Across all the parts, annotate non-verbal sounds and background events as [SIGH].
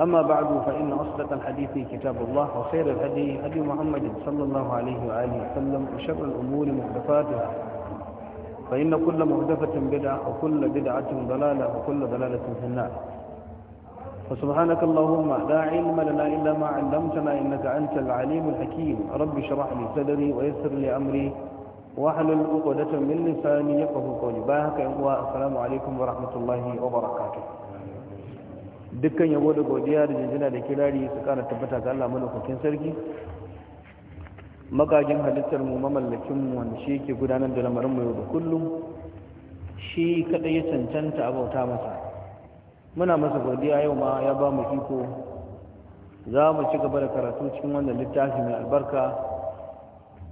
أما بعد فإن أصدق الحديث كتاب الله وخير الهدي هدي محمد صلى الله عليه وآله وسلم وشر الأمور محدثاتها فإن كل محدثة بدعة وكل بدعة ضلالة وكل ضلالة في النار فسبحانك اللهم لا علم لنا إلا ما علمتنا إنك أنت العليم الحكيم رب اشرح لي صدري ويسر لي أمري واحلل عقدة من لساني يفقهوا قولي باهك السلام عليكم ورحمة الله وبركاته dukkan yabo da godiya da jinjina da kirari su kara tabbata ga Allah malaukakin sarki magajin halittar mu mamallakin mu wanda shi yake gudanar da lamarin mu yau da kullum shi kadai ya cancanta abauta masa muna masa godiya yau ma ya ba mu iko za mu ci gaba da karatu cikin wannan littafi mai albarka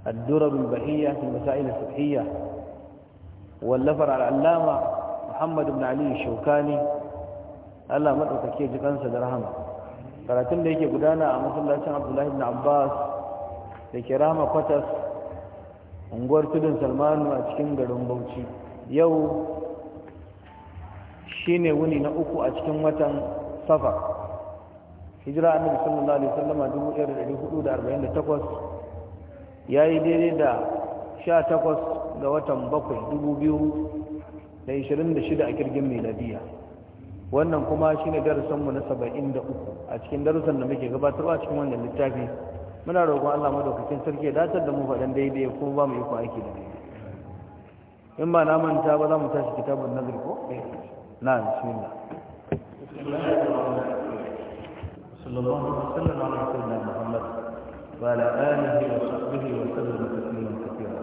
ad-durar al-bahiyya fi masail al-fiqhiyya wallafar al-allama Muhammad ibn Ali Shawkani Allah madaukake ji kansa da rahama karatun da yake gudana a masallacin Abdullahi ibn Abbas da ke rahama kwatas unguwar tudun Salmanu a cikin garin Bauchi yau shine wuni na uku a cikin watan safa hijira annabi sallallahu alaihi wasallama 1448 yayi daidai da 18 ga watan 7 2026 a kirgin miladiya wannan kuma shi ne darasinmu na saba'in da uku, a cikin darussan da muke gabatarwa cikin wannan littafi muna roƙon Allah madaukakin sarki ya datar da mu faɗan daidai ko ba mu yi ku aiki da in ba na manta ba za mu tashi kitabun nazar ko eh, na bismillah sallallahu alaihi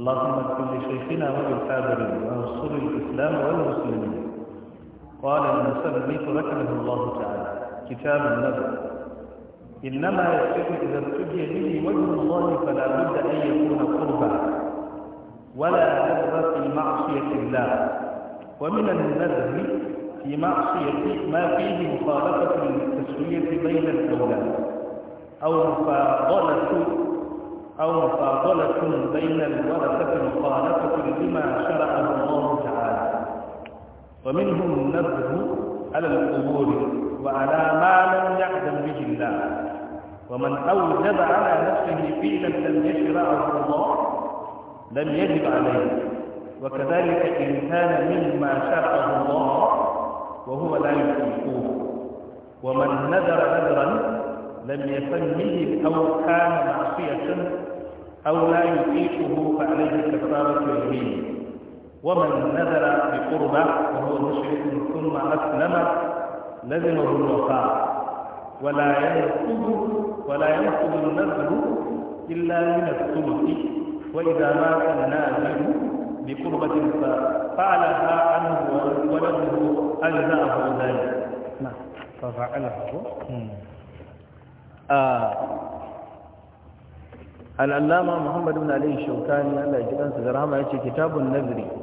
اللهم اغفر لشيخنا وللحاضرين وانصر الاسلام والمسلمين قال المسلم ركبه الله تعالى كتاب النذر إنما يكتب إذا ارتجي به وجه الله فلا بد أن يكون قربا ولا نذر في معصية الله ومن النذر في معصية ما فيه مخالفة للتسوية بين الأولاد أو مفاضلة أو مفاضلة بين الورثة مخالفة لما شرعه الله ومنهم نبه على القبور وعلى ما لم يعدم به الله ومن أوجب على نفسه فعلا لم يشرعه الله لم يجب عليه وكذلك إن كان مما شرعه الله وهو لا يطيقه ومن نذر نذرا لم يسمه أو كان معصية أو لا يطيقه فعليه كفارة يمينه ومن نذر بقربة وهو مشرك ثم أسلم لزمه الوفاء ولا ينقض ولا ينقض النذر إلا من الثلث وإذا مات الناذر بقربة ففعلها عنه وله أجزاءه ذلك نعم ففعله آه. العلامة محمد بن علي الشوكاني الله يجزاه ji كتاب da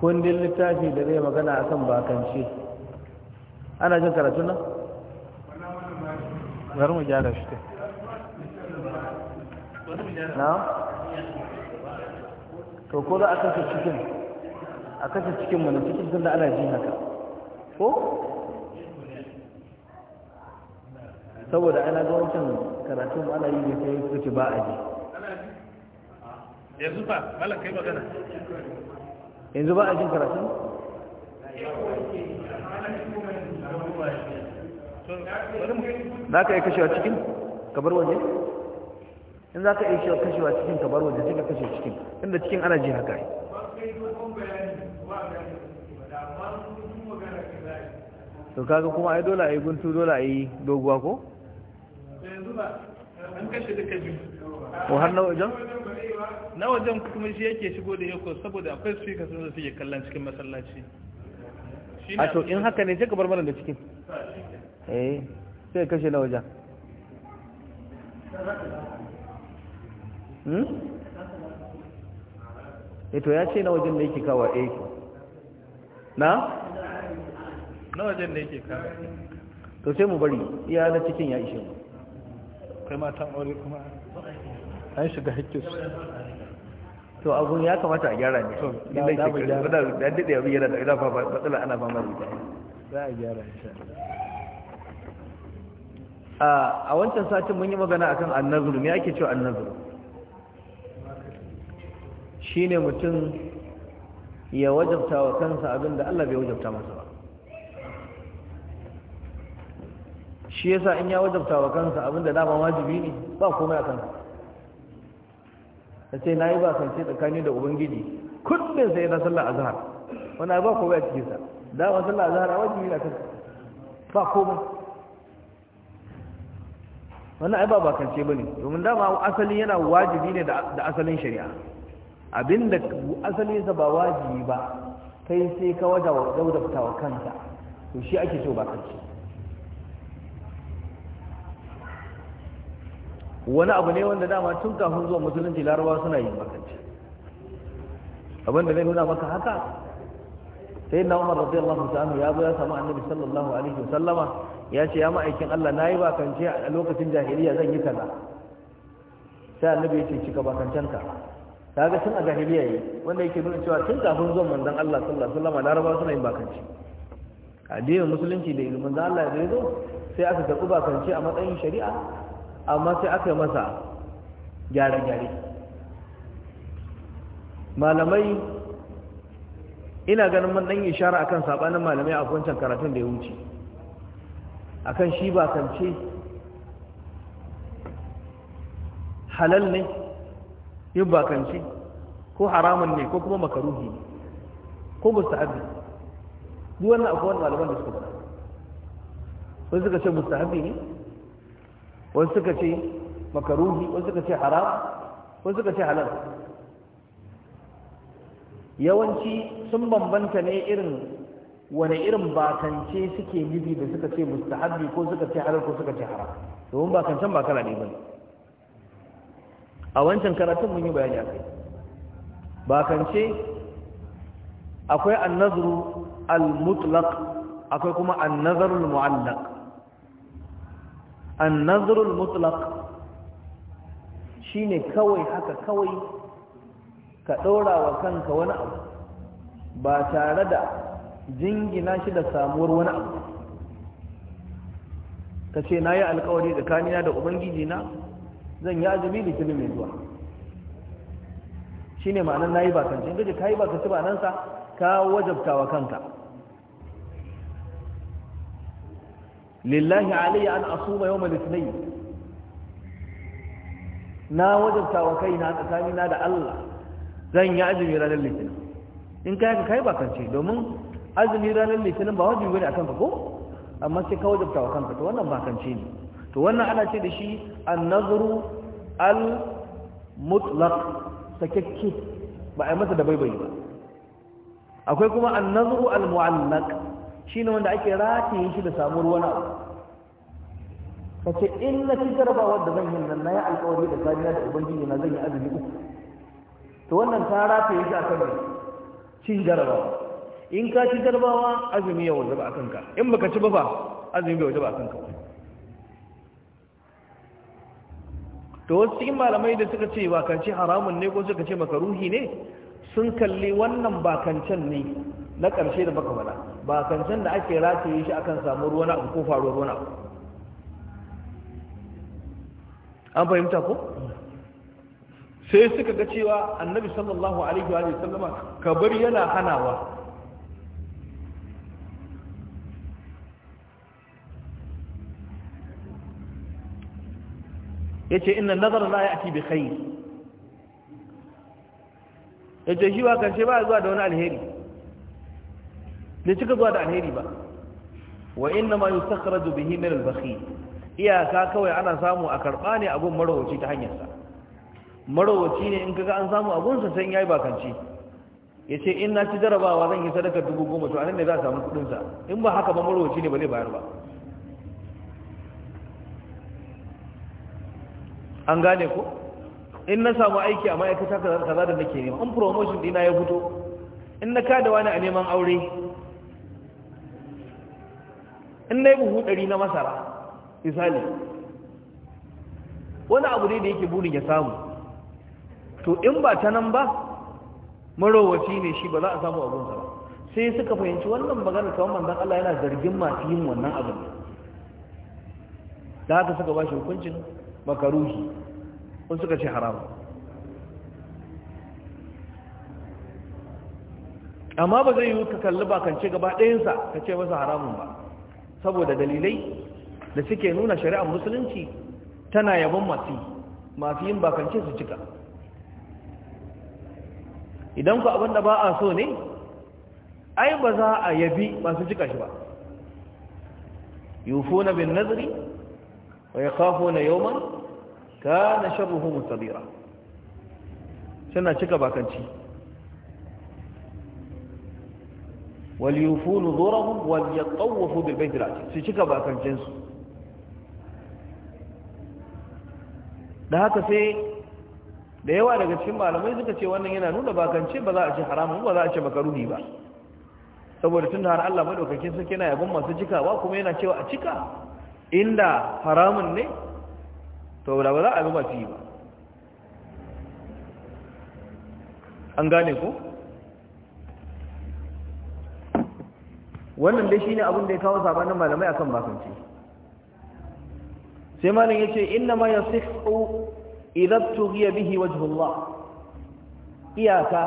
kundin littafi da zai magana a kan bakanci ana jin karatu nan? bari mu gyara shi na? to ko za a kashe cikin a kashe cikin mana cikin sun da ana ji haka ko? saboda ana ga wancan karatun ana yi ne sai suka ba a ji yanzu ba malakai magana yanzu ba a jin karatu za ka iya kashewa cikin kabar waje in za ka iya kashewa cikin kabar waje cikin kashe cikin inda cikin ana ji haka to kaga kuma ai dole a yi guntu dole a yi doguwa ko? an har na wajen na wajen kuma shi yake shigo da yako saboda akwai speaker sun zo suke kallon cikin masallaci a to in haka ne sai ka bar mana da cikin eh sai kashe na wajen hmm? Eh, to ya ce na wajen da yake kawo eh na? na wajen da yake kawo to sai mu bari iya na cikin ya ishe mu akwai matan aure kuma an shiga hakkin su to abu ya kamata a gyara ne ina ba ba za a gyara insha Allah a wancan satin mun yi magana akan annazuru me ake cewa annazuru shine mutum ya wajabta wa kansa abinda Allah bai wajabta masa shi yasa in ya wajabta wa kansa abinda dama wajibi ne ba komai a kansa sai na yi ba kance tsakani da ubangiji kullum sai na sallar azhar wannan ba komai a cikinsa ba sallar azhar wajibi ne a kansa ba komai wannan ai ba bakance bane domin dama asali yana wajibi ne da asalin shari'a abinda asalinsa ba wajibi ba kai sai ka wajabta wa kansa to shi ake so bakance wani abu ne wanda dama tun kafin zuwa musulunci larabawa suna yin makanci abinda zai nuna maka haka sai na umar radiyallahu ta'ala ya zo ya samu annabi sallallahu alaihi wasallama ya ce ya ma'aikin Allah na yi bakance a lokacin jahiliya zan yi kaza sai annabi ya ce cika bakancen ka ga tun a jahiliya yi wanda yake nuna cewa tun kafin zuwa manzon Allah sallallahu alaihi wasallama larabawa suna yin bakanci addinin musulunci da ilimin zan Allah ya zo sai aka karɓi bakance a matsayin shari'a amma sai aka yi masa gyare-gyare malamai ina ganin man ɗan ishara akan saɓanin malamai a wancan karatun da ya wuce akan shi ba kance halal ne yin kance ko haramun ne ko kuma makaruhi ne ko mustahabi duk wannan akwai malaman da suka ba wani suka ce mustahabi ne wani suka ce makaruhi wani suka ce haram wani suka ce halal yawanci sun bambanta ne irin wane irin bakance suke nufi da suka ce mustahabbi ko suka ce halal ko suka ce haram domin bakancen ba kala ne ba a wancan karatun mun yi bayani a kai bakance akwai annazru al-mutlaq akwai kuma annazrul mu'allaq an nazarul mutlaq shine kawai haka kawai ka daura wa kanka wani abu ba tare da jingina shi da samuwar wani abu ka ce na yi alkawari tsakanina da ubangiji na zan yi azumi da kiri mai zuwa shi ne ma'anar na yi bakancin gaji ka yi bakanci ba nan sa ka wajabta wa kanka lillahi alayya an asuma yawm al na wajabta wa kaina tsakanina da Allah zan yi azumi ranar litinin in kai ka kai bakance domin azumi ranar litinin ba wajibi bane akan ka ko amma sai ka wajabta kanka to wannan bakance ne to wannan ana ce da shi an-nazru al-mutlaq sakakke ba a masa da baibai ba akwai kuma an al-mu'allaq shi ne wanda ake rataye shi da samun ruwa abu ka ce in na ci jarabawar da zan yi nan na yi alkawari da kariya da ubangiji na zan yi azumi uku to wannan ta rataye shi a kan cin jarabawa in ka ci jarabawa azumi ya wajaba a kanka in baka ci ba fa azumi bai wajaba a kanka to wasu cikin malamai da suka ce bakanci haramun ne ko suka ce makaruhi ne sun kalli wannan bakancan ne na ƙarshe da baka faɗa ba kancan da ake rataye shi akan samu ruwan abu ko faruwar ruwan abu an fahimta ko sai suka ga cewa annabi sallallahu alaihi wa sallama kabar yana hanawa yace inna nazara la ya'ti bi khair yace shi ba ce ba zuwa da wani alheri bai cika zuwa da alheri ba wa inna ma yustakhraju bihi min al-bakhil iyaka kawai ana samu a karba ne abun marawaci ta hanyar sa marawaci ne in kaga an samu abun sa san yayi bakanci yace in na ci jarabawa zan yi sadaka dubu goma to anan ne za a samu kudin sa in ba haka ba marawaci ne ba zai bayar ba an gane ko in na samu aiki a ma'aikata kaza da nake nema in promotion dina ya fito in na kada wani a neman aure in na yi buhu ɗari na masara misali wani abu ne da yake burin ya samu to in ba ta nan ba marowaci ne shi ba za a samu abunsa ba sai suka fahimci wannan magana kawai manzan Allah yana zargin masu yin wannan abin da haka suka ba shi hukuncin makaruhi kun suka ce haram amma ba zai yi ka kalli ce gaba ɗayansa ka ce masa haramun ba saboda dalilai da suke nuna shari'ar musulunci tana yabon masu masu yin bakance su cika idan ku abin da ba a so ne ai ba za a yabi masu cika shi ba Yufo na bin nazari wa ya yakhafuna yawman kana sharruhu mutabira suna cika bakanci wal yufu nuzurahum wal bil bayt al su cika bakancin su da haka sai da yawa daga cikin malamai suka ce wannan yana nuna bakance ba za a ce haramun ba za a ce makaruhi ba saboda tun da har Allah madaukakin sun yana yabon masu ba kuma yana cewa a cika inda haramun ne to da ba za a bi yi ba an gane ku wannan dai shine abin da ya kawo sabanin malamai akan bakanci. sai malam yace inna ma yasihhu idza tughiya bihi wajhullah iyaka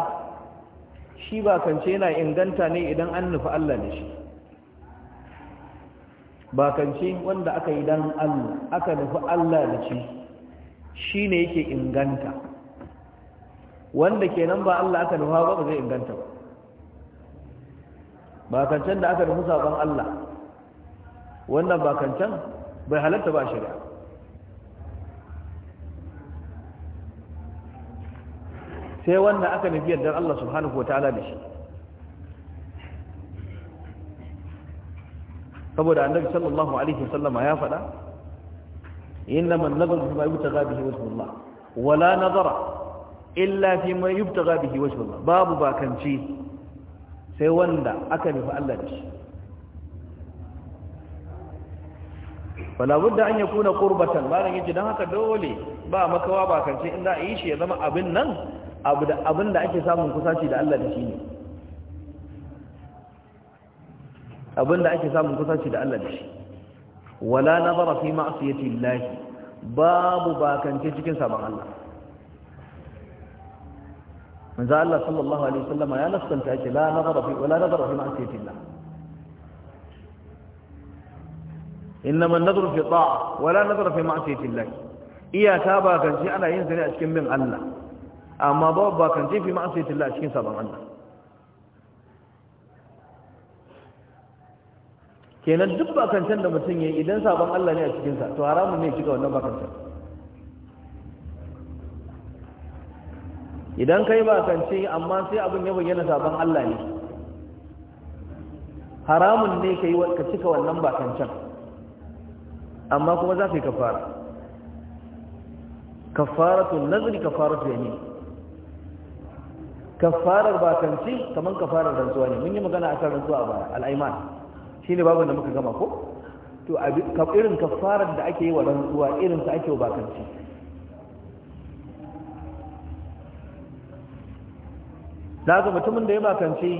shi bakance yana inganta ne idan an nufi Allah ne shi bakance wanda aka yi dan Allah aka nufi Allah da shi shine yake inganta wanda kenan ba Allah aka nufa ba ba zai inganta ba ba da aka nufi saba'n Allah wannan ba bai halatta ba shari'a sai wannan aka nufi yardar Allah subhanahu wa ta'ala da shi saboda annabi sallallahu alaihi wasallama ya faɗa innama an-nazaru fi ma yubtagha bihi wajhu Allah wala nazara illa fi ma yubtagha bihi wajhu Allah babu bakanci sai wanda aka nufi Allah da shi da an yi kuna kurbatan ba yace don haka dole ba makawa ba kance in za a yi shi ya zama abin nan abu da abin da ake samun kusaci da Allah da shi ne abin da ake samun kusaci da Allah da shi wala nazara fi ma'siyati llahi babu bakance cikin sabon Allah manzo Allah sallallahu alaihi wasallam ya lafsanta ce la nazara fi wala nazara fi ma'siyatillah innama an-nazaru fi ta'a wala nazara fi ma'siyatillah iyaka ba kan ce ana yin zane a cikin bin Allah amma ba ba kan ce fi ma'siyatillah a cikin sabon Allah kenan duk can da mutum yayi idan sabon Allah ne a cikinsa, to haramun ne shiga wannan bakancan idan kai ba ce amma sai abin ya bayyana sabon Allah ne haramun ne kai ka cika wannan ba can amma kuma za ka yi kafara kafaratun nazari kafaratu yamin kafarar ba ce kamar kafarar rantsuwa ne mun yi magana akan rantsuwa a baya shi shine babu da muka gama ko to irin kafarar da ake yi wa rantsuwa irin ta ake wa ba ce daga mutumin da ya bakance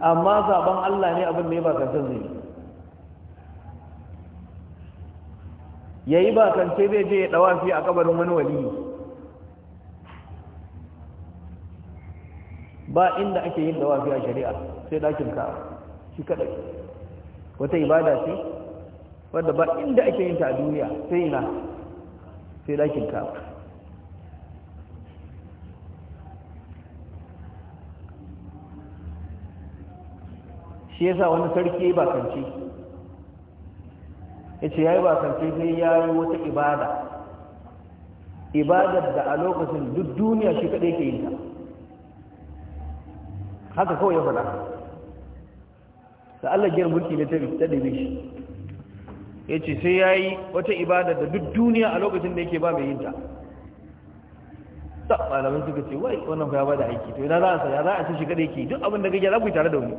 amma zaban Allah ne abin da ya bakance zai ya yi bakance zai je ya dawafi a kabarin wani wali ba inda ake yin dawafi a shari'a sai dakin ka shi kada wata ibada ce wadda ba inda ake yin ta a duniya sai ina sai dakin ka shi yasa wani sarki ba kance yace yayi ba kance sai yayi wata ibada ibadar da a lokacin duk duniya shi kadai ke yin ta haka kawai ya faɗa da Allah giyar mulki ne ta ɗabe shi ya ce sai ya yi wata ibada da duk duniya a lokacin da yake ba mai yin ta malamin suka ce wai wannan fa ya bada aiki to idan za a saya za a ci shi kada yake duk abin da kake za ku yi tare da wani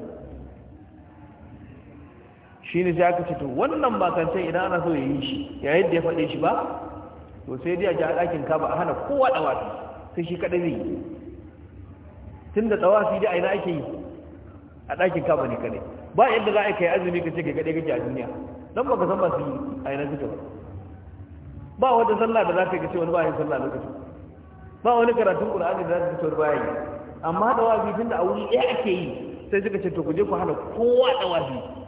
shi ne sai aka ce to wannan bakancen idan ana so ya yi shi yayin da ya faɗe shi ba to sai dai a ji ɗakin kaba a hana kowa ɗawafi sai shi kaɗai zai yi tun da ɗawafi dai a ina ake yi a ɗakin kaba ne kaɗai ba yadda za a kai azumi ka ce ka kaɗai kake a duniya don ba ka san su yi a ina suke ba ba wata sallah da za ka yi wani ba yin sallah lokacin ba wani karatun ƙur'ani da za ka ce wani Amma yi amma ɗawafi tun da a wuri ɗaya ake yi sai suka ce to ku je ku hana kowa ɗawafi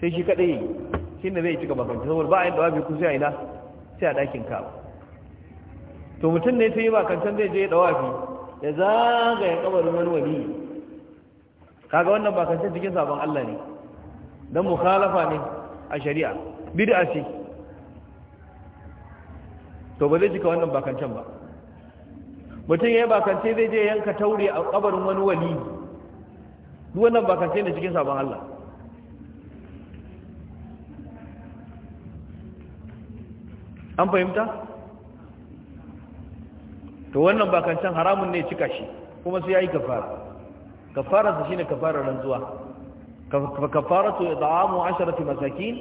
sai shi kadai shi ne zai ci gaba kan saboda ba a yin dawafi kusa ina sai a ɗakin ka to mutum ne sai yi can zai je ya dawafi ya zagaya kabarin wani wali kaga wannan can cikin sabon Allah ne mu mukhalafa ne a shari'a a ce to ba zai cika wannan can ba mutum ya yi bakance zai je yanka taure a kabarin wani wali duk wannan bakance ne cikin sabon Allah an fahimta to wannan ba bakancan haramun ne cika shi kuma sai yayi kafara kafara sa shine kafarar ranzuwa kafaratu it'amu 10 masakin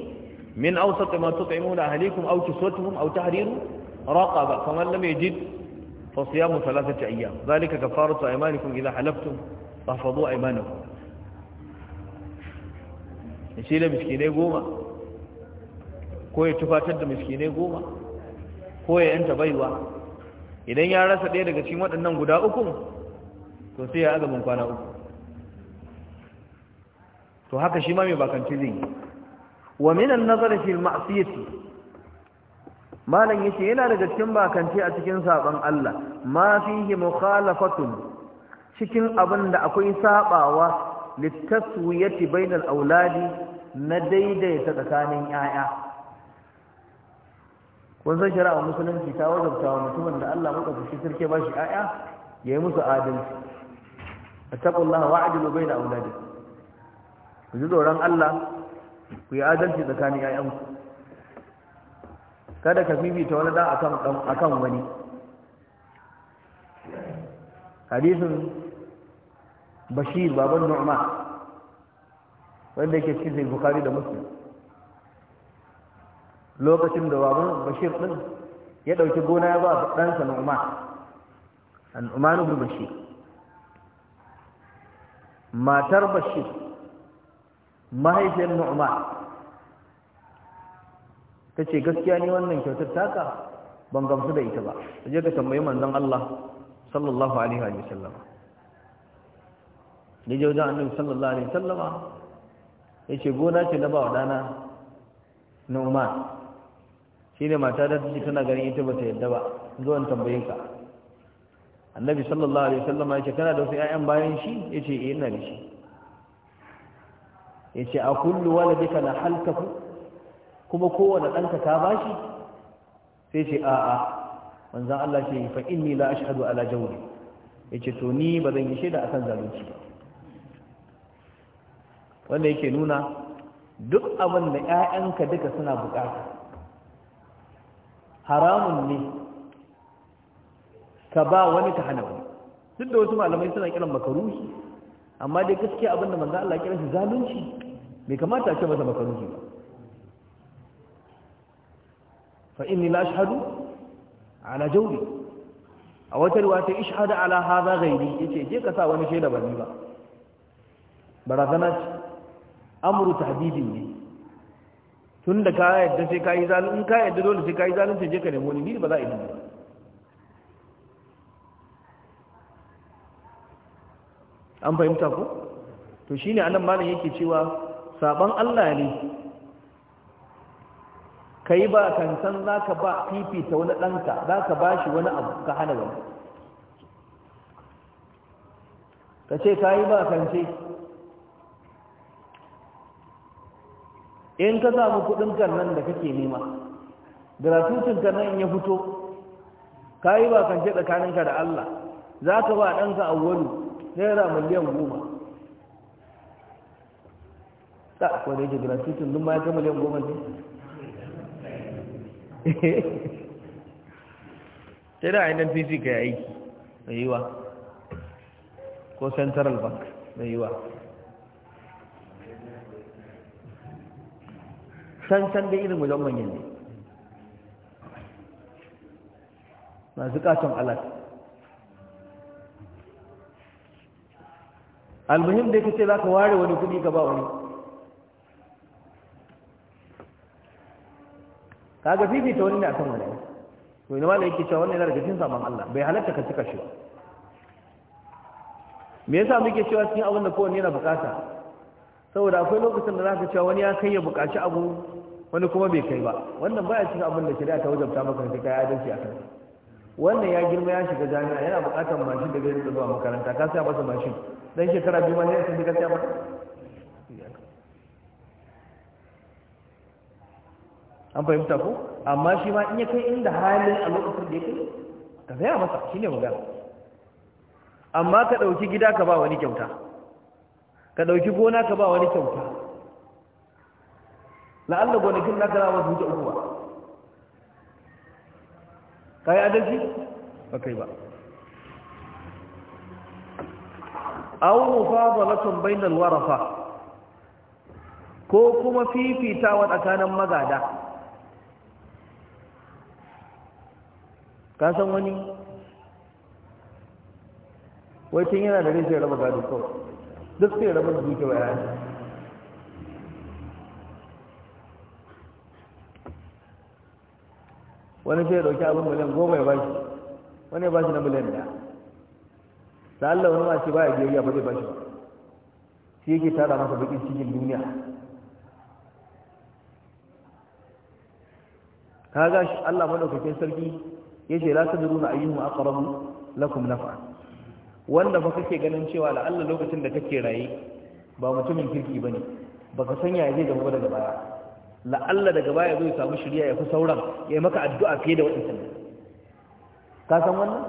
min awsat ma tut'imuna ahlikum aw kiswatuhum aw tahriru raqaba faman lam yajid fa siyamu thalathati ayyam dhalika kafaratu aymanikum idha halaftum fahfazu aymanakum shi ne miskinai goma ko ya tufatar da miskinai goma ko ya yanta baiwa idan ya rasa ɗaya daga cikin waɗannan guda uku to sai ya azumin kwana uku to haka shi ma mai bakanci zai wa minan nazari fil ma'siyati malan yace yana daga cikin bakanci a cikin saban Allah ma fihi mukhalafatun cikin abin da akwai sabawa litaswiyati bainal auladi na daidaita tsakanin 'ya'ya. kun san shara'a musulunci ta wajabta wa mutumin da Allah muka fushi sarki ba shi ya yi musu adalci attaqullaha wa'dilu na auladikum ku ji tsoron Allah ku yi adalci tsakanin 'ya'yanku. kada ka bibita wani da akan kan wani hadisin bashir baban nu'ma wanda yake cikin bukari da musulun lokacin da babu bashir ɗin ya ɗauki gona ya ba ɗansa nu'man an umanu bin bashir matar bashir mahaifiyar nu'man ta ce gaskiya ne wannan kyautar taka ban gamsu da ita ba ta je ka tambayi manzon Allah sallallahu alaihi wa sallama da je wajen annabi sallallahu alaihi wa sallama ya ce gona ce na ba wa ɗana nu'man shi ne mata da take tana ganin ita bata yadda ba zo in tambaye ka annabi sallallahu alaihi wasallam ya ce kana da wasu ƴaƴan bayan shi yace eh ina da shi yace a kullu waladika la halkafu kuma kowanne ɗanka ka bashi sai ce a'a manzon Allah ce fa inni la ashhadu ala jawri yace to ni ba zan yi shaida akan zalunci ba wanda yake nuna duk abin da ƴaƴanka duka suna bukata haramun ne ka ba wani ka hana wani duk da wasu malamai suna kiran makaruhi amma dai gaskiya da manzo Allah kiran shi zalunci bai kamata a ce masa makaruhi ba fa inni la ashhadu ala jawri a wata riwaya ta ishhadu ala hadha ghairi yace je ka sa wani shaida ba ni ba barazana ce amru tahdidin ne tun da ka yadda sai ka yi zalunci in ka yadda dole sai ka yi zalunci je ka nemi wani ni ba za a yi ba an fahimta ko to shine anan malam yake cewa saban Allah ne kai ba kan san zaka ba fifita wani danka zaka bashi wani abu ka hana wani kace kai ba kan ce in ka samu kudin nan da kake nema gratuitin nan ya fito ka yi bakance tsakaninka da Allah za ka ba ɗanka awwalu naira miliyan goma ta akwai da yake gratuitin dun ma ya kai miliyan goma ne [LAUGHS] sai da ainihin fisika ka yi aiki mai yiwa ko central bank mai yiwa san san da irin mulon manyan ne masu katon alat almuhim da kace za ka ware wani kudi ka ba wani kaga fifita wani ne akan wani to ina mala yake cewa wannan yana daga cikin saman Allah bai halatta ka cika shi ba me yasa muke cewa cikin abin da kowanne yana bukata saboda akwai lokacin da za ka cewa wani ya kai ya buƙaci abu wani kuma bai kai ba wannan baya cikin abin da shari'a ta wajabta maka sai kai adalci a kai wannan ya girma ya shiga jami'a yana buƙatar mashin da zai zuwa makaranta ka saya masa mashin dan shekara biyu ma sai sai ka saya masa an fahimta ko amma shi ma in ya kai inda halin a lokacin da ya kai ka saya masa shine magana amma ka ɗauki gida ka ba wani kyauta ka ɗauki gona ka ba wani kyauta la'alla gonakin na kara wasu wuce uku ba ka yi adalci ba kai ba aw mufadalatun bainal warafa ko kuma fifitawa tsakanin magada ka san wani wacin yana da rai sai raba gado kawai duk sai rabar duke wa yayin wani sai ya dauki abin miliyan goma ya bashi wani ya bashi na miliyan da ta Allah wani ma ce ba ya biyayya ba zai bashi ba shi yake tara masa bakin cikin duniya Ka shi Allah madaukakin sarki yace la tadruna ayyuhum aqrabu lakum naf'an wanda ba kake ganin cewa la'alla lokacin da kake raye ba mutumin kirki ba ne ba ka sanya zai gaba daga baya la'alla daga baya zai samu shirya ya fi sauran ya yi maka addu'a fiye da waɗansan ka san wannan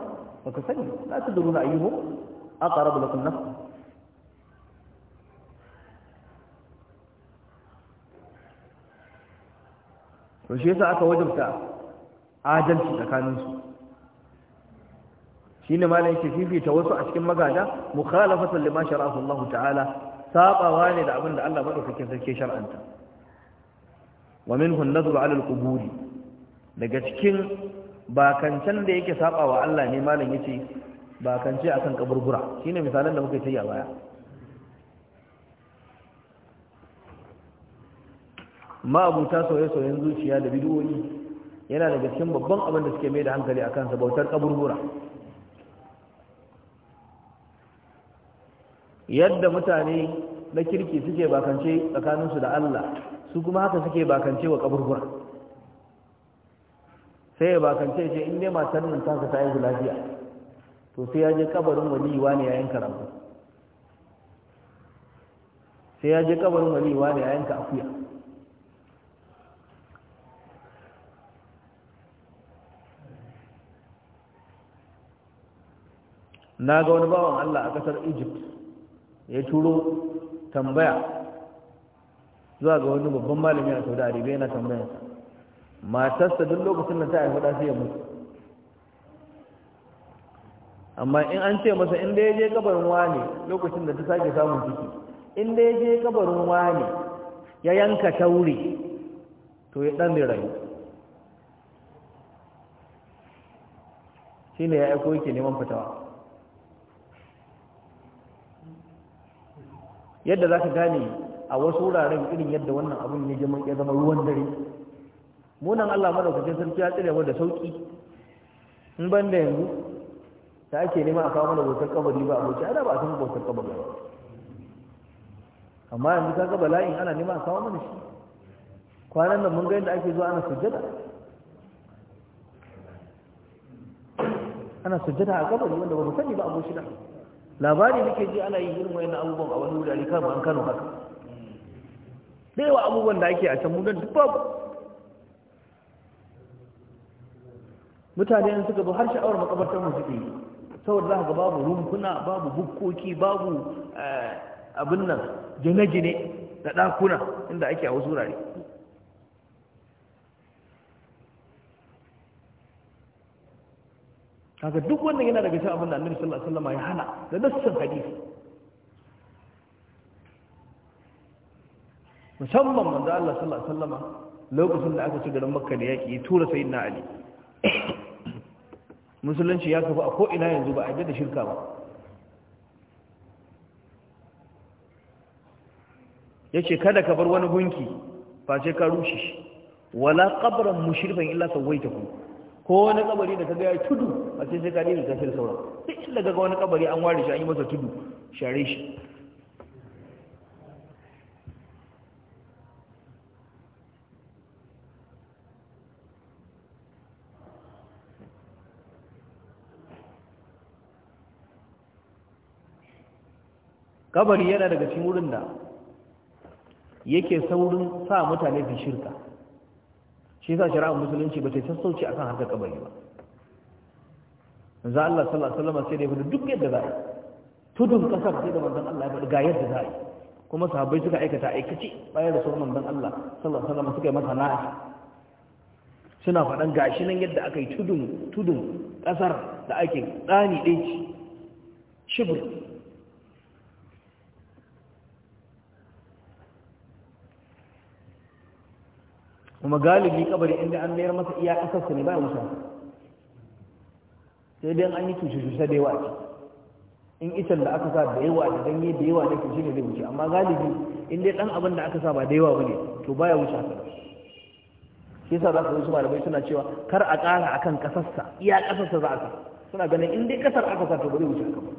ba ka sani Na ta duru na ayyuhu a ƙara bulakun nan to shi yasa aka wajabta adalci tsakaninsu Shi ne malam shi fifita wasu a cikin magada mukhalafatan lima shara'a Allah ta'ala sabawa ne da abin da Allah madaukakin sarki shar'anta wa minhu an-nadru 'ala al-qubur daga cikin bakancan da yake sabawa Allah ne malam yace bakance akan kaburbura shine misalan da muka yi a baya ma abuta soyayyen zuciya da bidiyoyi yana daga cikin babban abin da suke mai da hankali akan sa bautar kaburbura yadda mutane na kirki suke bakance tsakaninsu da Allah su kuma haka suke bakance wa kaburbura sai ya bakance ce in ne matar nan tasa ta yi lafiya to sai ya je kabarin yiwa ne yayin karanta sai ya je kabarin yiwa ne yayin ka akuya na ga wani bawan Allah a ƙasar Egypt ya turo tambaya zuwa ga wani babban malami a saudi arabia yana tambayar matarsa duk lokacin da ta yi da sai ya mutu amma in an ce masa inda ya je kabarin wani lokacin da ta sake samun ciki inda ya je kabarin wani ya yanka taure to ya dan rayu shine ya aiko yake neman fitawa yadda za ka gane a wasu wuraren irin yadda wannan abin ne jama'a ya zama ruwan dare munan Allah madaukakin sarki ya tsire da sauki in ban da yanzu ta ake nema a kawo mana bautar kabari ba aboki ana ba a san bautar kabari ba amma yanzu ka ga bala'in ana nema a kawo mana shi kwanan nan mun ga yadda ake zuwa ana sujjada ana sujjada a kabari wanda ba mu sani ba aboki da labari nake ji ana yi irin wayannan abubuwan a wani wurare kama an Kano haka da yawa abubuwan da ake a can mudan duk babu mutane an suka zo har sha'awar makabartar mu suke saboda za ka babu rumfuna babu bukkoki babu eh, abin nan gine-gine da ɗakuna inda ake a wasu wurare kaga duk wannan yana daga cikin abin da annabi sallallahu alaihi wasallam ya hana da nassin hadisi musamman manzo Allah sallallahu alaihi wasallam lokacin da aka ci garin Makka da yaki tura sayyidina Ali musulunci ya kafa a ko ina yanzu ba a yadda da shirka ba yace kada ka bar wani gunki face ka rushe shi wala qabran mushrifan illa ku. ko wani kabari da kaga gaya tudu a cikin sai da dina sauran duk inda kaga wani kabari an ware shi an yi masa tudu share shi kabari yana daga cikin wurin da yake saurin sa mutane fi shirka shi shi shari'ar musulunci ba ta sassauci a kan harkar kabari ba za Allah sallallahu alaihi wasallam sai da ya duk yadda za a tudun kasar sai da manzon Allah ya faɗi ga yadda za a kuma sahabbai suka aikata aikace bayan da sauran manzon Allah sallallahu alaihi wasallam suka yi masa na'a suna faɗan gashi nan yadda aka yi tudun tudun kasar da ake tsani ɗaya shibir kuma galibi kabari inda an mayar masa iya kasarsa ne ba musa sai dai an yi tushe tushe da yawa ce in itan da aka sa da yawa da ganye da yawa da tushe ne zai wuce amma galibi in dai dan abin da aka sa ba da yawa bane to baya wuce haka shi yasa za ka wasu malamai suna cewa kar a ƙara akan kasarsa iya kasarsa za a sa suna ganin in dai kasar aka sa to ba zai wuce haka ba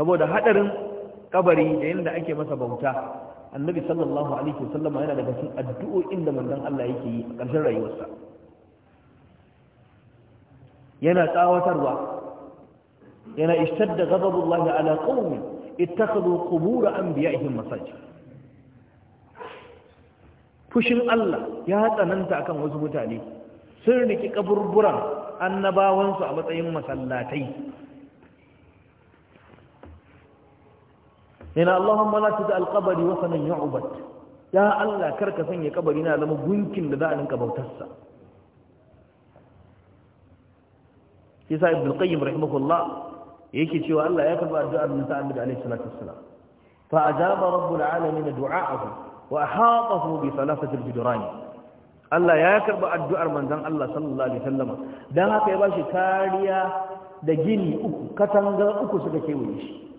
saboda hadarin kabari da yadda ake masa bauta annabi sallallahu alaihi wasallama yana daga cikin addu'o'in da manzon Allah yake yi a ƙarshen rayuwarsa yana tsawatarwa yana ishtadda ghadabullahi ala qaumin ittakhadhu qubur anbiya'ihim masajid fushin Allah ya tsananta akan wasu mutane sun riki kaburburan annabawansu a matsayin masallatai yana Allahumma la tuzigh al-qabri wa sanan yu'bad ya Allah karka sanya kabari na zama gunkin da za a ninka bautarsa yasa ibn qayyim rahimahullah yake cewa Allah ya karba addu'ar Musa annabi alaihi salatu wassalam fa ajaba rabbul alamin du'a'ahu wa ahatahu bi thalathati al-jidran Allah ya karba addu'ar manzon Allah sallallahu alaihi wasallam dan haka ya bashi kariya da gini uku katanga uku suka kewaye shi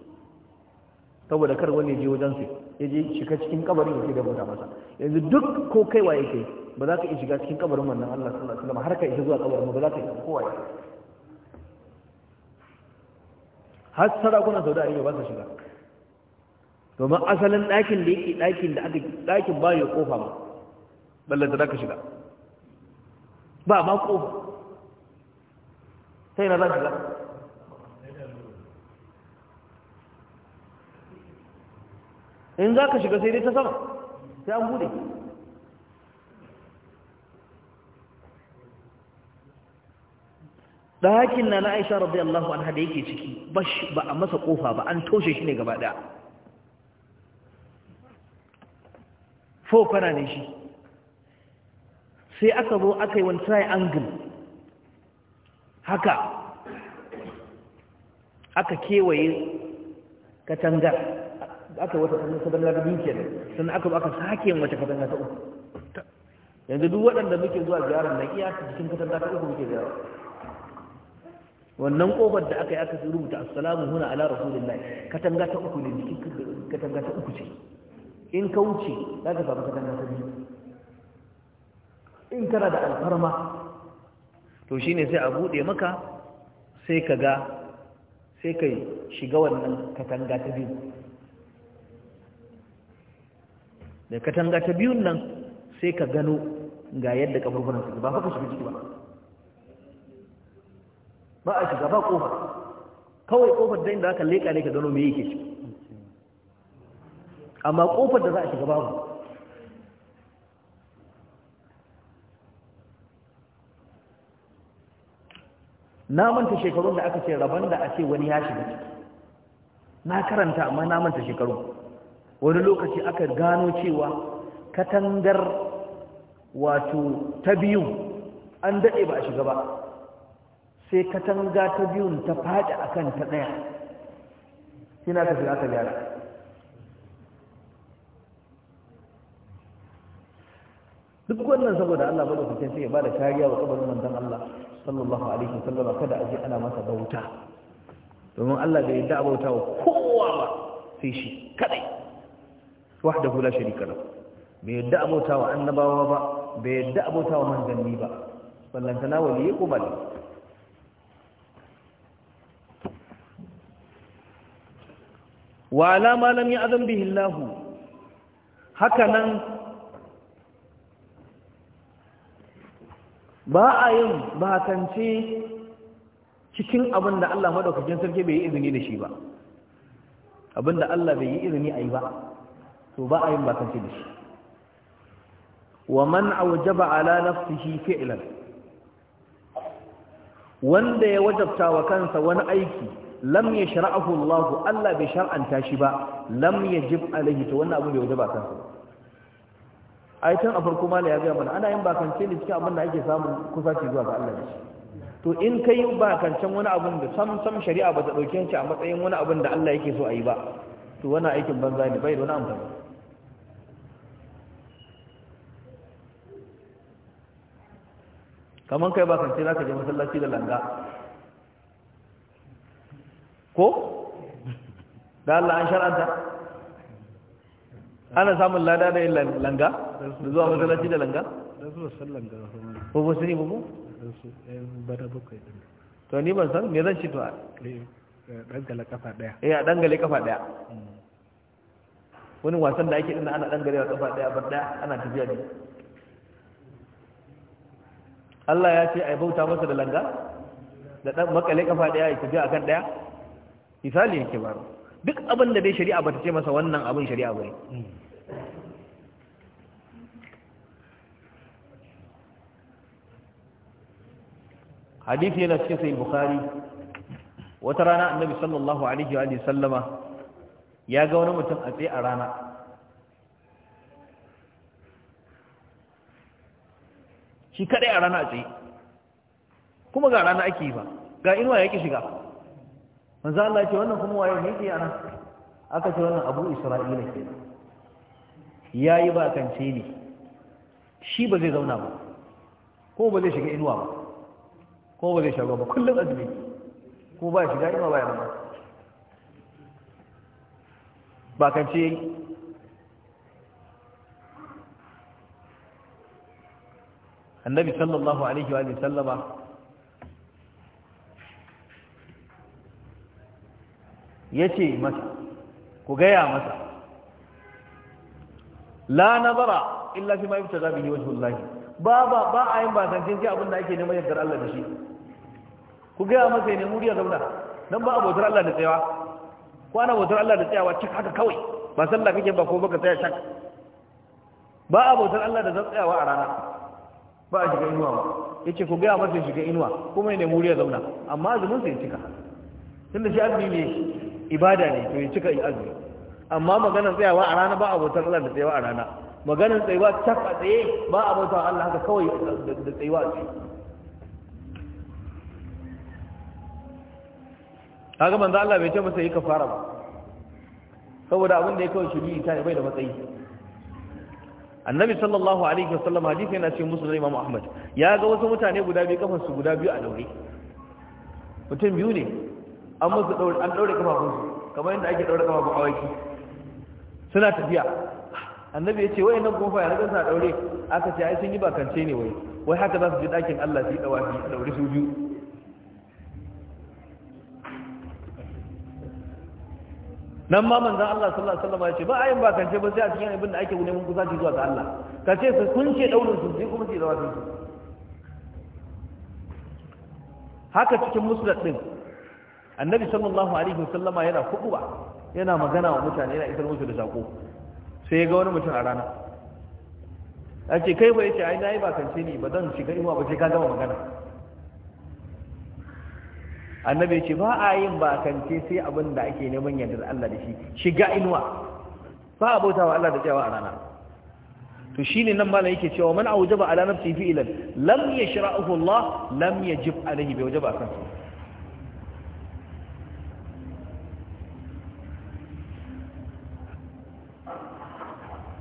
saboda kar wani je wajen su ya je shiga cikin kabarin yake da bauta masa yanzu duk ko kaiwa yake ba za ka iya shiga cikin kabarin wannan Allah sallallahu alaihi wasallam har ka isa zuwa kabarin ba za ka iya kowa ya har sarakunan Saudi Arabia ba su shiga domin asalin ɗakin da yake ɗakin da aka ɗakin ba ya kofa ba ballan da ka shiga ba ma kofa sai na zan shiga in za ka shiga sai dai ta sama sai an bude ɗakin na na aisha rabbi allahu an hada yake ciki ba a masa kofa ba an toshe shi ne gaba ɗaya fofana ne shi sai aka zo aka yi wani triangle haka aka kewaye katangar aka wata kasan kadanga ta biyu sannan aka aka sake yin wata kadanga ta uku yanzu duk waɗanda muke zuwa ziyarar na iya cikin kadanga ta uku muke ziyara wannan kofar da aka yi aka rubuta assalamu huna ala rasulillahi katanga ta uku ne cikin katanga ta uku ce in ka wuce za ka samu katanga ta biyu in kana da alfarma to shine sai a buɗe maka sai ka ga sai ka shiga wannan katanga ta biyu da katanga ta biyun nan sai ka gano ga yadda kaburburan su ba ka shi ba ba a shiga ba kofar kawai kofar da inda aka leƙa ne ka gano me yake shi amma kofar da za a shiga babu na manta shekarun da aka ce rabon da a ce wani ya shiga ciki na karanta amma na manta shekarun wani lokaci aka gano cewa katangar wato ta biyu an daɗe ba a shiga ba sai katanga ta biyun ta faɗi a kan ta ɗaya suna ka shiga gyara duk wannan saboda Allah bada hukuncin sai ya bada kariya wa kabarin wandan Allah sallallahu alaihi wasallam kada a je ana masa bauta domin Allah bai yarda bauta wa kowa ba sai shi kadai wahdahu la sharika lahu bai yadda abautawa annabawa ba bai yadda abautawa manzanni ba ballantana waliyi ko bali wa alama lam ya'zam bihi Allah hakanan ba a yin bakance cikin abin da Allah madaukakin sarki bai yi izini da shi ba abin da Allah bai yi izini a yi ba to ba a yin ba bakance da shi wa man awjaba ala nafsihi fi'lan wanda ya wajabta wa kansa wani aiki lam yashra'ahu Allah Allah bai shar'anta shi ba lam yajib alaihi to wannan abu bai wajaba kansa ai tun a farko mala ya ga mana ana yin bakance da cikin abin da ake samun kusaci zuwa ga Allah da shi to in kai bakancan wani abu da sam sam shari'a ba ta dauke shi a matsayin wani abin da Allah yake so a yi ba to wannan aikin banza ne bai da wani amfani kamar kai ba kance zaka je masallaci da langa ko da Allah an shar'anta ana samun lada da yin langa da zuwa masallaci da langa da zuwa ko ba sani ba mu bada to ni ban san me zan ci to a eh, eh, dangale kafa daya eh a dangale kafa daya mm. wani wasan da ake ina ana dangare kafa daya bar daya ana tafiya ne Allah ya ce yi bauta masa da langa da ɗan makale kafa ɗaya ya tafi akan ɗaya misali yake baro duk abin da dai shari'a ta ce masa wannan abin shari'a bane ya yana cikin sai bukhari wata rana annabi sallallahu alaihi wa sallama ya ga wani mutum a tsaye a rana shi kadai a rana a tsaye kuma ga rana ake yi ba ga inuwa yake shiga manzo Allah ya ce wannan kuma waye ne ke ana aka ce wannan Abu Isra'ila ke yayi ba kance ne shi ba zai zauna ba ko ba zai shiga inuwa ba ko ba zai shiga ba kullum azumi ko ba shiga inuwa ba ya ba ba kance annabi sallallahu alaihi wa sallama ya ce masa ku gaya masa la nazara illa fi ma yubtaga bihi wajhullahi ba ba ba a yin cin ji abin da ake neman yardar Allah da shi ku gaya masa ne muriya zauna dan ba abotar Allah da tsayawa ko ana abotar Allah da tsayawa cik haka kawai ba sallah kake ba ko baka tsaya shak ba abotar Allah da tsayawa a rana ba a shiga inuwa ba ya ce ku gaya masa shiga inuwa kuma ya nemi wuri ya zauna amma azumin sa ya cika tunda shi azumi ne ibada ne to ya cika yi azumi amma maganar tsayawa a rana ba abotar Allah da tsayawa a rana maganar tsayawa cak a tsaye ba abotar Allah haka kawai da tsayawa a tsaye kaga manzo Allah bai ce masa yi kafara ba saboda abin da ya kawai shiri ta ne bai da matsayi annabi sallallahu alaihi wasallam hadisi yana cikin musulmi imam ahmad ya ga wasu mutane guda biyu kafar guda biyu a daure mutum biyu ne an musu daure an daure kafafun kamar yadda ake daure kafafun awaki suna tafiya annabi ya ce wai nan kuma ya ga sa daure aka ce ai sun yi bakance ne wai wai haka za su je dakin Allah su yi dawafi a daure su biyu nan ma manzan Allah sallallahu alaihi wasallam ya ce ba ayin ba kance ba sai a cikin abin da ake neman kusaci zuwa ga Allah ka ce su kun ce daurin su sai kuma ce da wasu haka cikin musnad din annabi sallallahu alaihi wasallama yana kuduba yana magana wa mutane yana isar musu da sako sai ya ga wani mutum a rana a ce kai ba ya ce ai na yi kance ne ba zan shiga inuwa ba sai ka gama magana annabi ce ba a yin bakance sai abin da ake neman yardar Allah da shi shiga inuwa ba a bautawa Allah da tsayawa a rana to shine nan malam yake cewa man awjaba ala nafsi fi'lan lam yashra'uhu Allah lam yajib alayhi bi wajaba kan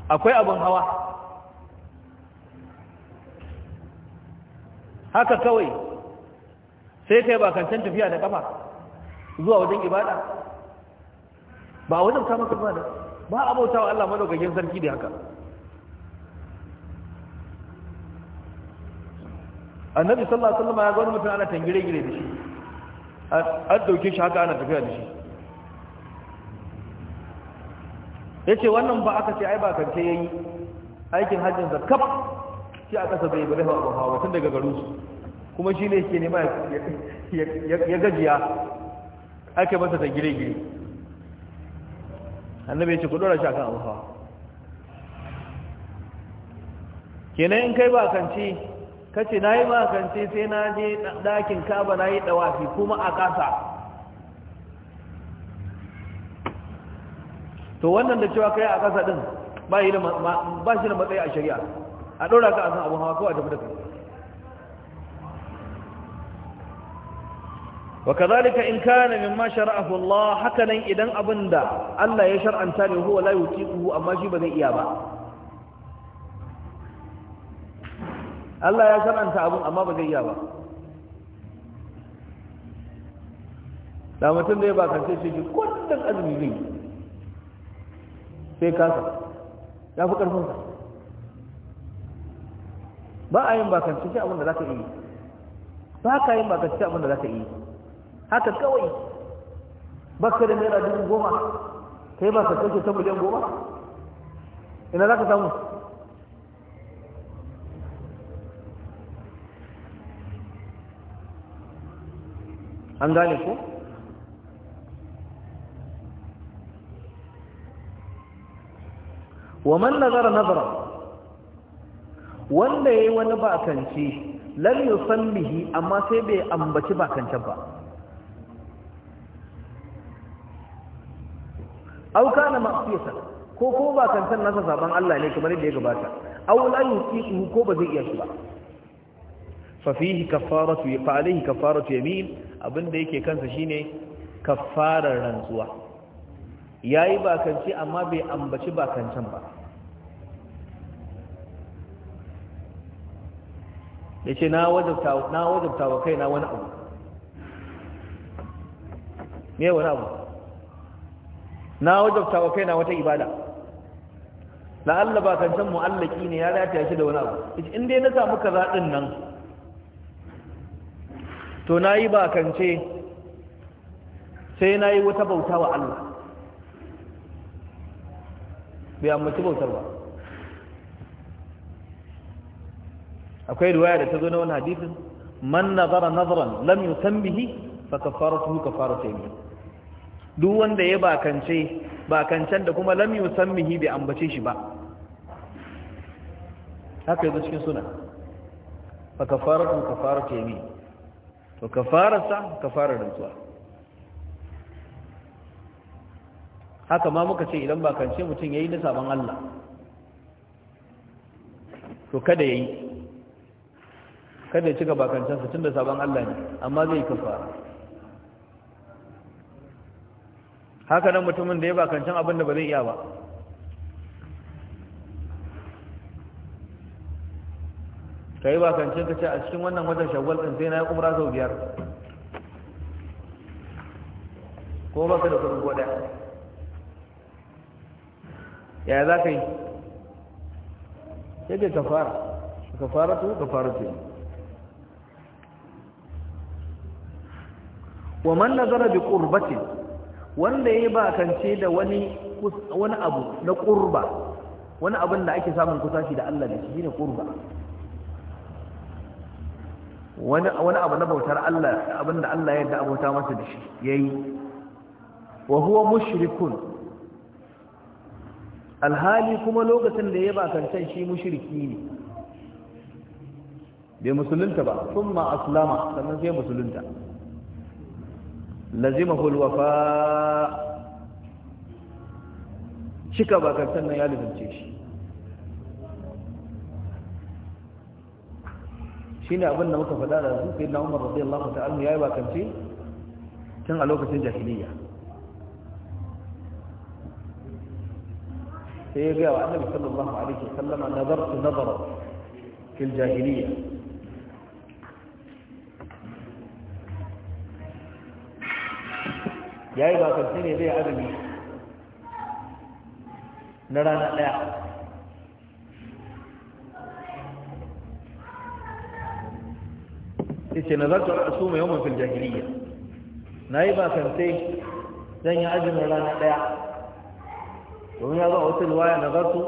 akwai abin hawa haka kawai sai kai ba kancan tafiya da kafa zuwa wajen ibada ba wajen kama kafa da ba a bauta wa Allah madaukakin sarki da haka annabi sallallahu alaihi wasallam ya gwada mutum ana tangire gire da shi a dauke shi haka ana tafiya da shi yace wannan ba aka ce ai ba kance yayi aikin hajjin zakaf shi aka sabai bai bare hawa ba tun daga garin su kuma shi ne ke nema ya gajiya aka masa ta gire-gire annabi ya ce ku dora shi akan abu hawa kenan in kai ba kanci kace na yi ba kanci sai na je ɗakin kaba na yi ɗawafi kuma a ƙasa to wannan da cewa kai a ƙasa ɗin ba shi da matsayi a shari'a a ɗora ka a san abu hawa kawai fi da kai وكذلك إن كان مما شرعه الله حكنا إذن أبندا ألا يشرع أن تاني هو لا يتيقه أما جيب ذي إيابا ألا يشرع أن تأبن أما بذي إيابا da mutum da ya ba kance shi kullum azumi zai kasa ya fi ba a yin bakance abinda za ka iya ba ka yin bakance abinda za ka iya. haka kawai baka da naira dubu goma kai ba ka kashe ta miliyan goma ina za ka samu an gane ku wa man nazara nazara wanda yayi wani bakanci lam yusammihi amma sai bai ambaci bakancen ba aw kana ma'siyata ko ko ba kan san nasa zaban Allah ne kamar yadda ya gabata aw la yuqitu ko ba zai iya shi ba fa fihi kafaratu fa alayhi kafaratu yamin abinda yake kansa shine kafarar rantsuwa yayi ci amma bai ambaci can ba yace na wajabta na wajabta wa kaina wani abu me wani abu na wajabta wa kaina wata ibada la'alla ba kan san mu'allaki ne ya rataya shi da wani abu in dai na samu kaza din nan to nayi ba kan ce sai nayi wata bauta wa Allah bai ci bautar ba akwai riwaya da ta zo na wani hadisin man nazara nazaran lam yusammihi fa kafaratuhu kafaratu yamin duk wanda ya bakance bakancen da kuma lam yusammihi bi ambace shi ba haka yanzu cikin suna fa kafaratu kafaratu yamin to kafararsa kafarar rantsuwa haka ma muka ce idan bakance mutum yayi na saban Allah to kada yayi kada ya cika bakancansa tunda saban Allah ne amma zai kafara haka nan mutumin da ya ba kancan abin da ba zai iya ba ka yi ba kancan ka ce a cikin wannan watan shagwal ɗin sai na yi kumra sau biyar ko ba ka da kudin ko ɗaya yaya za ka yi sai ka kafara kafara tu wa man nazara bi qurbatin wanda ya bakance da wani wani abu na qurba wani abin da ake samun kusaci da Allah da shi ne qurba wani wani abu na bautar Allah abin Allah ya yarda abota masa da shi yayi wa huwa mushrikun alhali kuma lokacin da ya bakancan shi mushriki ne bai musulunta ba thumma aslama sannan sai musulunta لزمه الوفاء شكا باكا سنة يالي بنتيش شين أبنى مكفى دالة زوك إبن عمر رضي الله تعالى يالي باكا سنة كان علوك سنة جاهلية سيقول النبي صلى الله عليه وسلم نظرت نظرة في الجاهلية ya yi bakance ne zai azumi na rana ɗaya yace nazartu al-asuma yawman fil jahiliyya nayi bakance zan yi azumin rana ɗaya domin ya zo a wata riwaya nazartu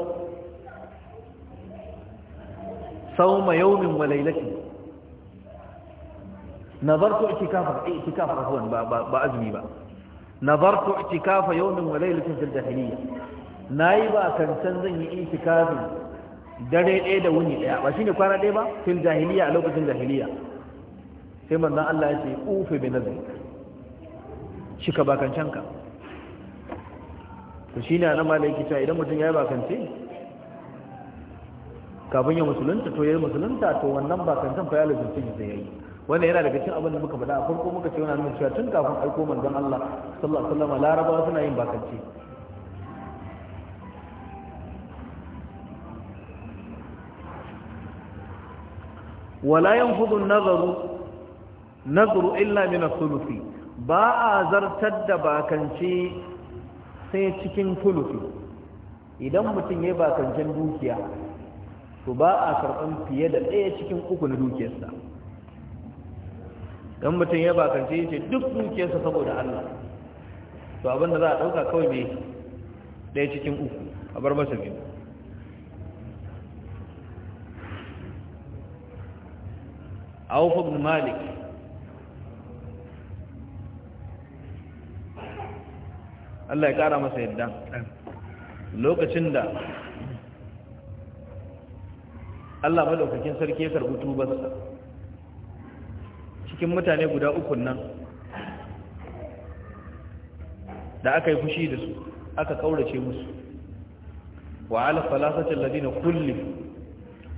sauma yawmin wa laylatin nazartu itikafa itikafa afwan ba ba azumi ba nazartu itikafa yawmin wa laylatin fil jahiliyya nayi ba kan san zan yi itikafi dare ɗaya da wuni ɗaya ba shine kwana ɗaya ba fil jahiliyya a lokacin jahiliyya sai manzon Allah ya ce ufi bi nazari shika bakancanka to shine anan malaki ta idan mutum yayi bakance kafin ya musulunta to yayi musulunta to wannan bakancan fa ya lazumci ne sai yayi wannan yana daga cikin abin da muka faɗa a farko muka ce annabi cewa tun kafin aiko manzon Allah sallallahu alaihi wasallam larabawa suna yin bakanci wala yanfudu an-nazaru nazaru illa min as ba a zartar da bakanci sai cikin sulusi idan mutum ya bakancin dukiya to ba a karɓan fiye da ɗaya cikin uku na dukiyarsa dan mutum ya bakance ya ce duk dukiyarsa saboda Allah to abin da za a ɗauka kawai mai ɗaya cikin uku a bar masa biyu aufin Malik Allah ya ƙara masa yadda lokacin da Allah malaukakin sarki ya karbi tubarsa cikin mutane guda ukun nan da aka yi fushi da su aka kaurace musu wa ala falasatin ladina kulli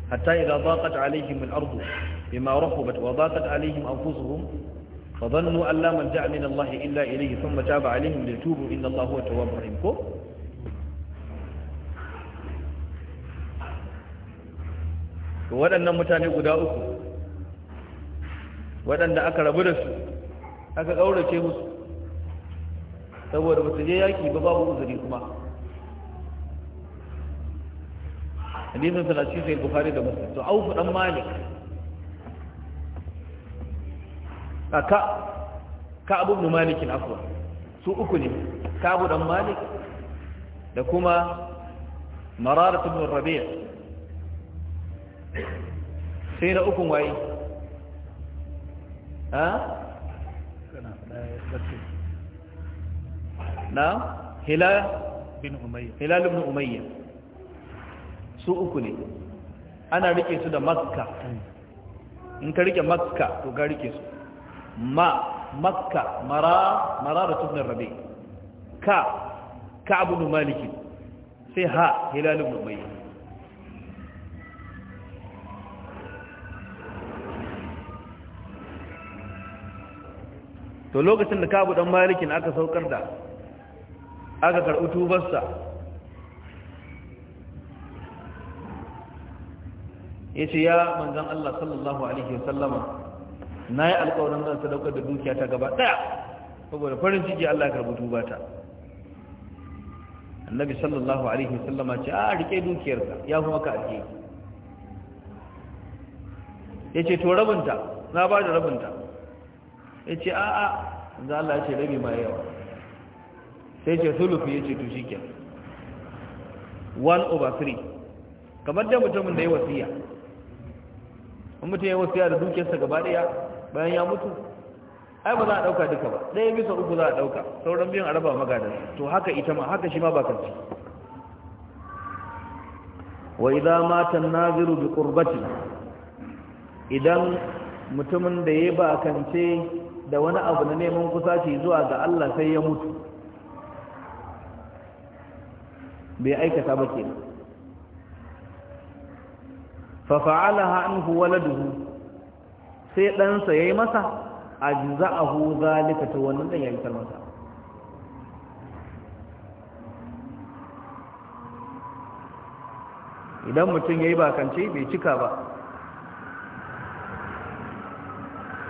hatta idza daqat alaihim al-ardu bima rahabat wa daqat alaihim anfusuhum fa dhannu an la malja'a min Allah illa ilayhi thumma taba alaihim liyatubu inna Allah huwa tawwabur rahim ko waɗannan mutane guda uku waɗanda aka rabu da su aka ƙaurace musu saboda ba su je yaƙi ba babu uzuri kuma hadisin sana sai bukari da musu to auku dan malik ka ka abu ibn malik afwa su uku ne ka abu dan malik da kuma mararat ibn rabi' sai na ukun waye ha na hilal bin umayya hilal ibn umayya su uku ne ana rike su da makka in ka rike makka to ga rike su ma makka mara mara da tubnar rabi ka ka abu maliki sai ha hilal ibn umayya to lokacin da kabu dan malikin aka saukar da aka karɓi tubarsa ya ce ya manzan Allah sallallahu alaihi wasallama na yi alkawarin zan sadaukar da dukiya ta gaba ɗaya saboda farin ciki Allah ya karɓi tubata annabi sallallahu alaihi wasallama ce a rike dukiyarka ya kuma ka ake ya ce to rabinta na ba da rabinta ya ce a'a za Allah ya ce rabi ma yawa sai ce sulufi ya ce to shi kyan 1 over three. kamar da mutumin da ya wasiya in mutum ya wasiya da dukiyarsa gaba daya bayan ya mutu ai ba za a dauka duka ba ɗaya bisa uku za a dauka sauran biyan a raba magadan to haka ita ma haka shi ma ba kanci wa idza mata an-naziru bi qurbati idan mutumin da ya ba kance da wani abu na neman kusa ce zuwa ga Allah sai ya mutu bai aikata ba ke fafa'alaha anhu waladuhu sai ɗansa ya yi masa a jiza'ahu zalika ta wannan ɗan ya yi masa idan mutum ya yi bakance bai cika ba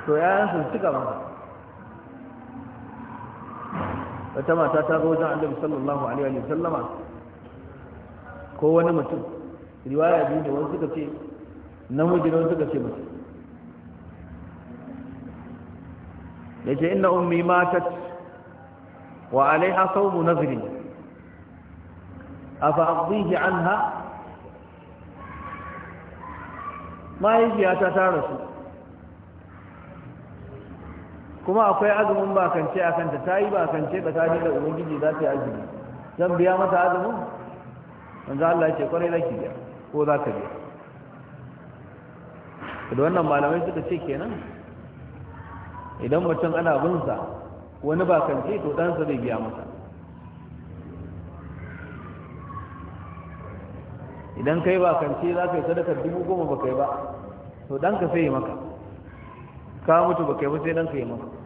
to yayansu cika masa wata mata ta zo wajen annabi sallallahu alaihi wa sallama ko wani mutum riwaya biyu da wani suka ce namiji da wani suka ce mutum ya ce inna ummi matat wa alaiha saumu nazari afa aqdihi anha mahaifiyata ta rasu kuma akwai azumin bakance a kanta ta yi bakance tsakani da ubangiji za ta yi azumi zan biya mata azumin manzo Allah ya ce kwarai zaki biya ko za ka biya da wannan malamai suka ce kenan idan mutum ana binsa wani bakance to ɗansa zai biya masa idan kai bakance za ka yi sadakar dubu goma ba kai ba to ɗanka sai yi maka ka mutu ba kai ba sai ɗanka yi maka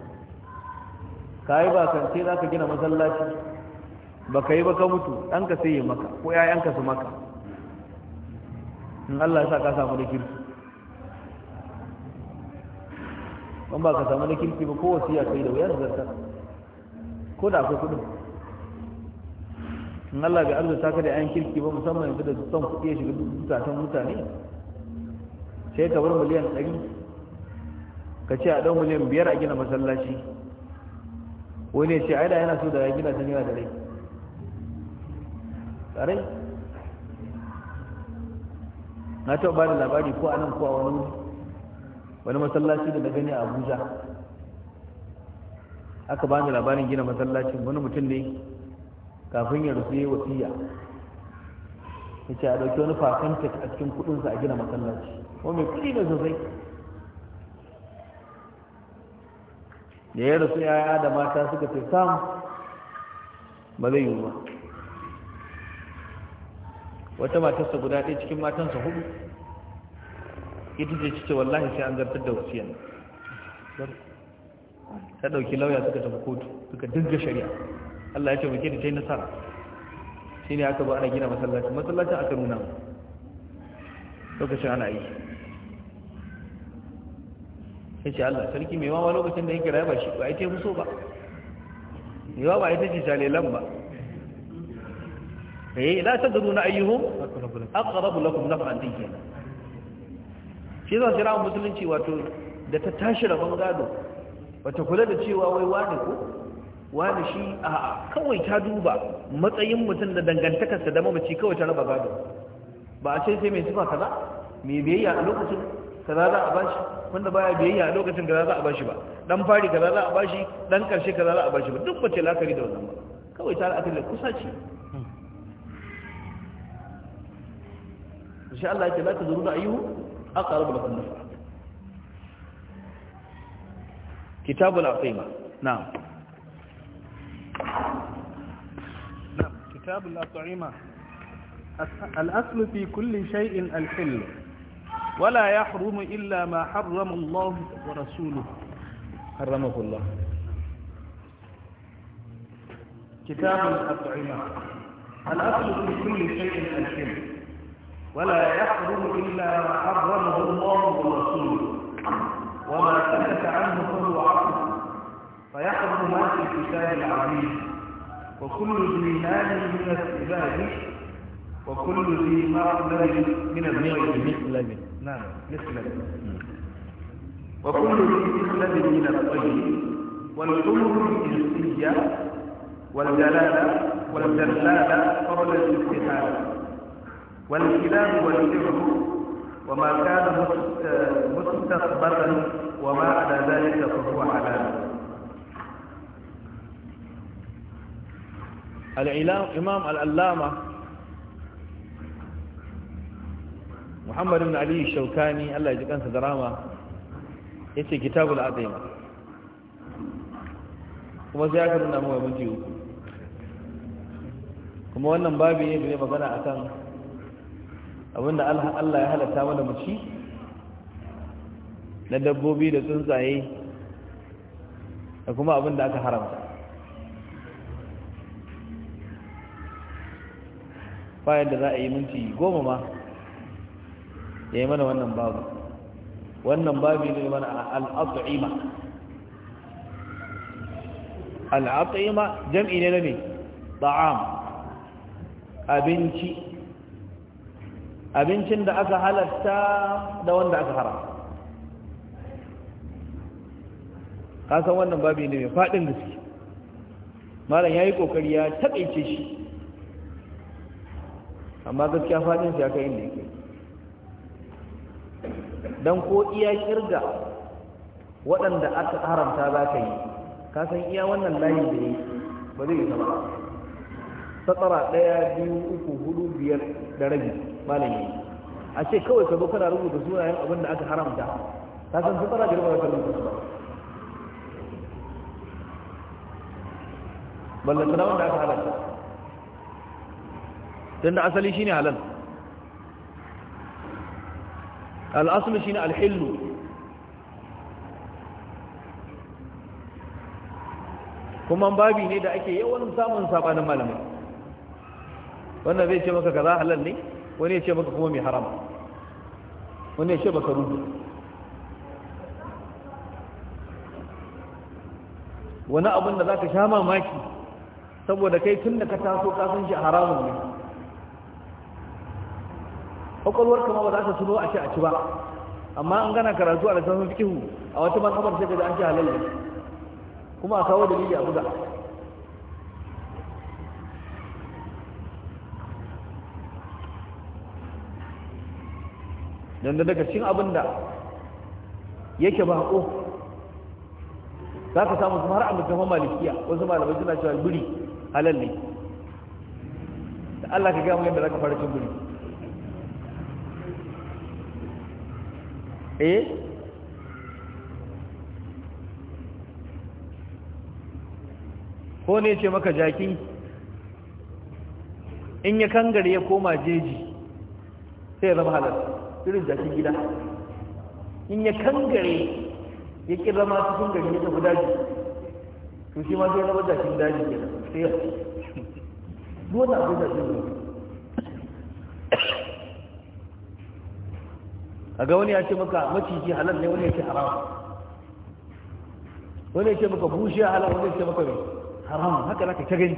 ka yi bakance za ka gina masallaci ba ka yi ba ka mutu ka sai ya maka ko ‘ya'yanka su maka in Allah ya sa ka samu da kirki ban ba ka samu da kirki ba ko wasiya kai da wuyar zarta ko da akwai kudin in Allah bai arzuta ka da ‘yan kirki ba musamman yanzu da son kuɗi ya shiga zukatan mutane sai ka bar miliyan ɗari ka ce a ɗau miliyan biyar a gina masallaci wani ce aida yana so da ya gina tun yana da rai tsarai na taɓa ba da labari ko a nan ko a wani wani masallaci da na gani a abuja aka ba da labarin gina masallacin wani mutum ne kafin ya rufe wasiya ya ce a ɗauki wani fasantik a cikin kudinsa a gina masallaci wani mai ne sosai da ya rasu ya da mata suka ce sam ba zai yiwu ba wata matarsa guda ɗaya cikin matansa hudu ita ce cike wallahi sai an zartar da wasiyar ta ɗauki lauya suka tafi kotu suka dinga shari'a Allah ya ce muke da ta yi nasara shi ne aka ba ana gina masallacin masallacin aka nuna lokacin ana aiki sai Allah sarki mai wawa lokacin da yake raye shi ba ita muso ba mai wawa ita ce lan ba eh la tadruna ayyuhum aqrabu lakum naf'an dinkin shi zo jira musulunci wato da ta tashi rabon gado wato kula da cewa wai wani ko wani shi a'a kawai ta duba matsayin mutum da dangantakarsa da mamaci kawai ta raba gado ba a ce sai mai sifa kaza mai biyayya a lokacin kaza za a bashi wanda baya biyayya a lokacin kaza za a bashi ba dan fari kaza za a bashi dan karshe kaza za a bashi ba duk bace lakari da wannan ba kawai ta la'akari da kusa ce insha Allah ya ce la tazuru da ayyuhu aqrabu lakum nafa kitabul aqima na'am نعم كتاب الأطعمة الأصل في كل شيء الحل ولا يحرم إلا ما حرم الله ورسوله حرمه الله كتاب الأطعمة الأصل في كل شيء الحلم ولا يحرم إلا ما حرمه الله ورسوله وما سكت عنه فهو عقل فيحرم ما في الكتاب العظيم وكل ذي مال من العباد وكل ذي مال من الغير نعم مثل وكل مثل من الطيب والحمر الجنسية والجلالة والجلالة قبل الاستحالة والكلاب والحمر وما كان مستقبلا وما على ذلك فهو حلال امام العلامة muhammad ibn ali shaukani Allah ya ji kansa da rama yace kitabul azima kuma sai aka nuna mawa miji uku kuma wannan babi ne da ya magana akan abinda Allah ya halatta mana mu ci na dabbobi da tsuntsaye da kuma abinda aka haramta bayan da za a yi minti goma ma ya yi mana wannan babu wannan babu ne mana al'at'ima al'at'ima jam'i ne na ne ta'am abinci abincin da aka halatta da wanda aka haram kasan wannan babu ne mai faɗin gaske malam ya yi ƙoƙari ya taƙaice shi amma gaskiya faɗin shi ya kai inda yake don ko iya kirga waɗanda aka haramta za ka yi ka san iya wannan layin da yi ba zai yi ba satara ɗaya biyu uku hudu biyar da rabi malami a ce kawai ka zo kana rubuta sunayen abin da aka haramta ka san satara da rubuta rubuta su ba ballantana wanda aka haramta tunda asali shine halal al'asulu shine alhillu kuma babi ne da ake yawan samun sabanin malamai wannan zai ce maka ka kaza halal ne wani ya ce maka kuma mai haram wani ya ce baka rubu wani abin da za ka sha mamaki saboda kai tun da ka taso kasan shi haramun ne kwakwalwar kama ba za ta suno a ce a ci ba amma an gana karatu a lissafin fikihu a wata manhajar sai da an ci halal kuma a kawo dalili a buga don da daga cikin abin da yake ba ko za ka samu kuma har amintafa malikiya wasu malamai suna cewa buri halal da Allah ka gamu yadda za ka fara cin buri eh ko ne ce maka jaki in ya kangare ya koma jeji sai ya zama halar irin jakin gida in ya kangare ya ƙi zama cikin gari ya tafi daji to shi ma zai ya zama jakin daji ke nan sai ya [LAUGHS] duwanda abin da shi kaga wani ya ce maka maciji halal ne wani ya ce haram wani ya ce maka bushiya halal wani ya ce maka haram haka ka ta gani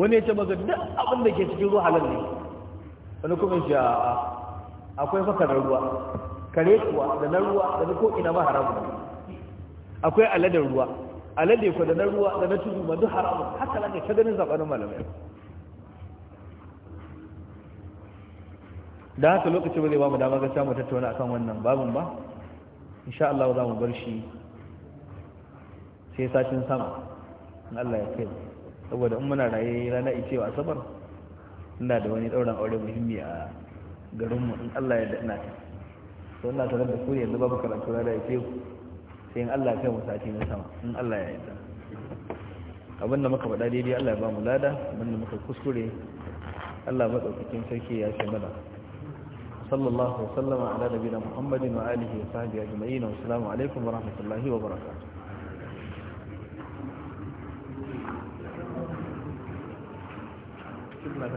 wani ya ce maka duk abin da ke cikin ruwa halal ne wani kuma ya akwai na ruwa kare kuwa da na ruwa da na ko ina ma haramu akwai aladar ruwa alade ko da na ruwa da na tudu ma duk haramu haka ka ta ganin zaɓanin malamai da haka lokaci ba zai ba mu dama gaskiya mu tattauna akan wannan babin ba insha Allah za mu bar shi sai sashin sama in Allah ya kai saboda in muna raye rana icewa asabar ina da wani ɗauran aure muhimmi a garinmu in Allah ya daɗa ta so ina tare da ku yanzu babu karatu rana ya ce sai in Allah ya kai mu sati na sama in Allah ya yarda abin da muka faɗa daidai Allah ya ba mu lada abin da muka kuskure Allah maɗaukakin sarki ya ce mana صلى الله وسلم على نبينا محمد وآله وصحبه أجمعين والسلام عليكم ورحمة الله وبركاته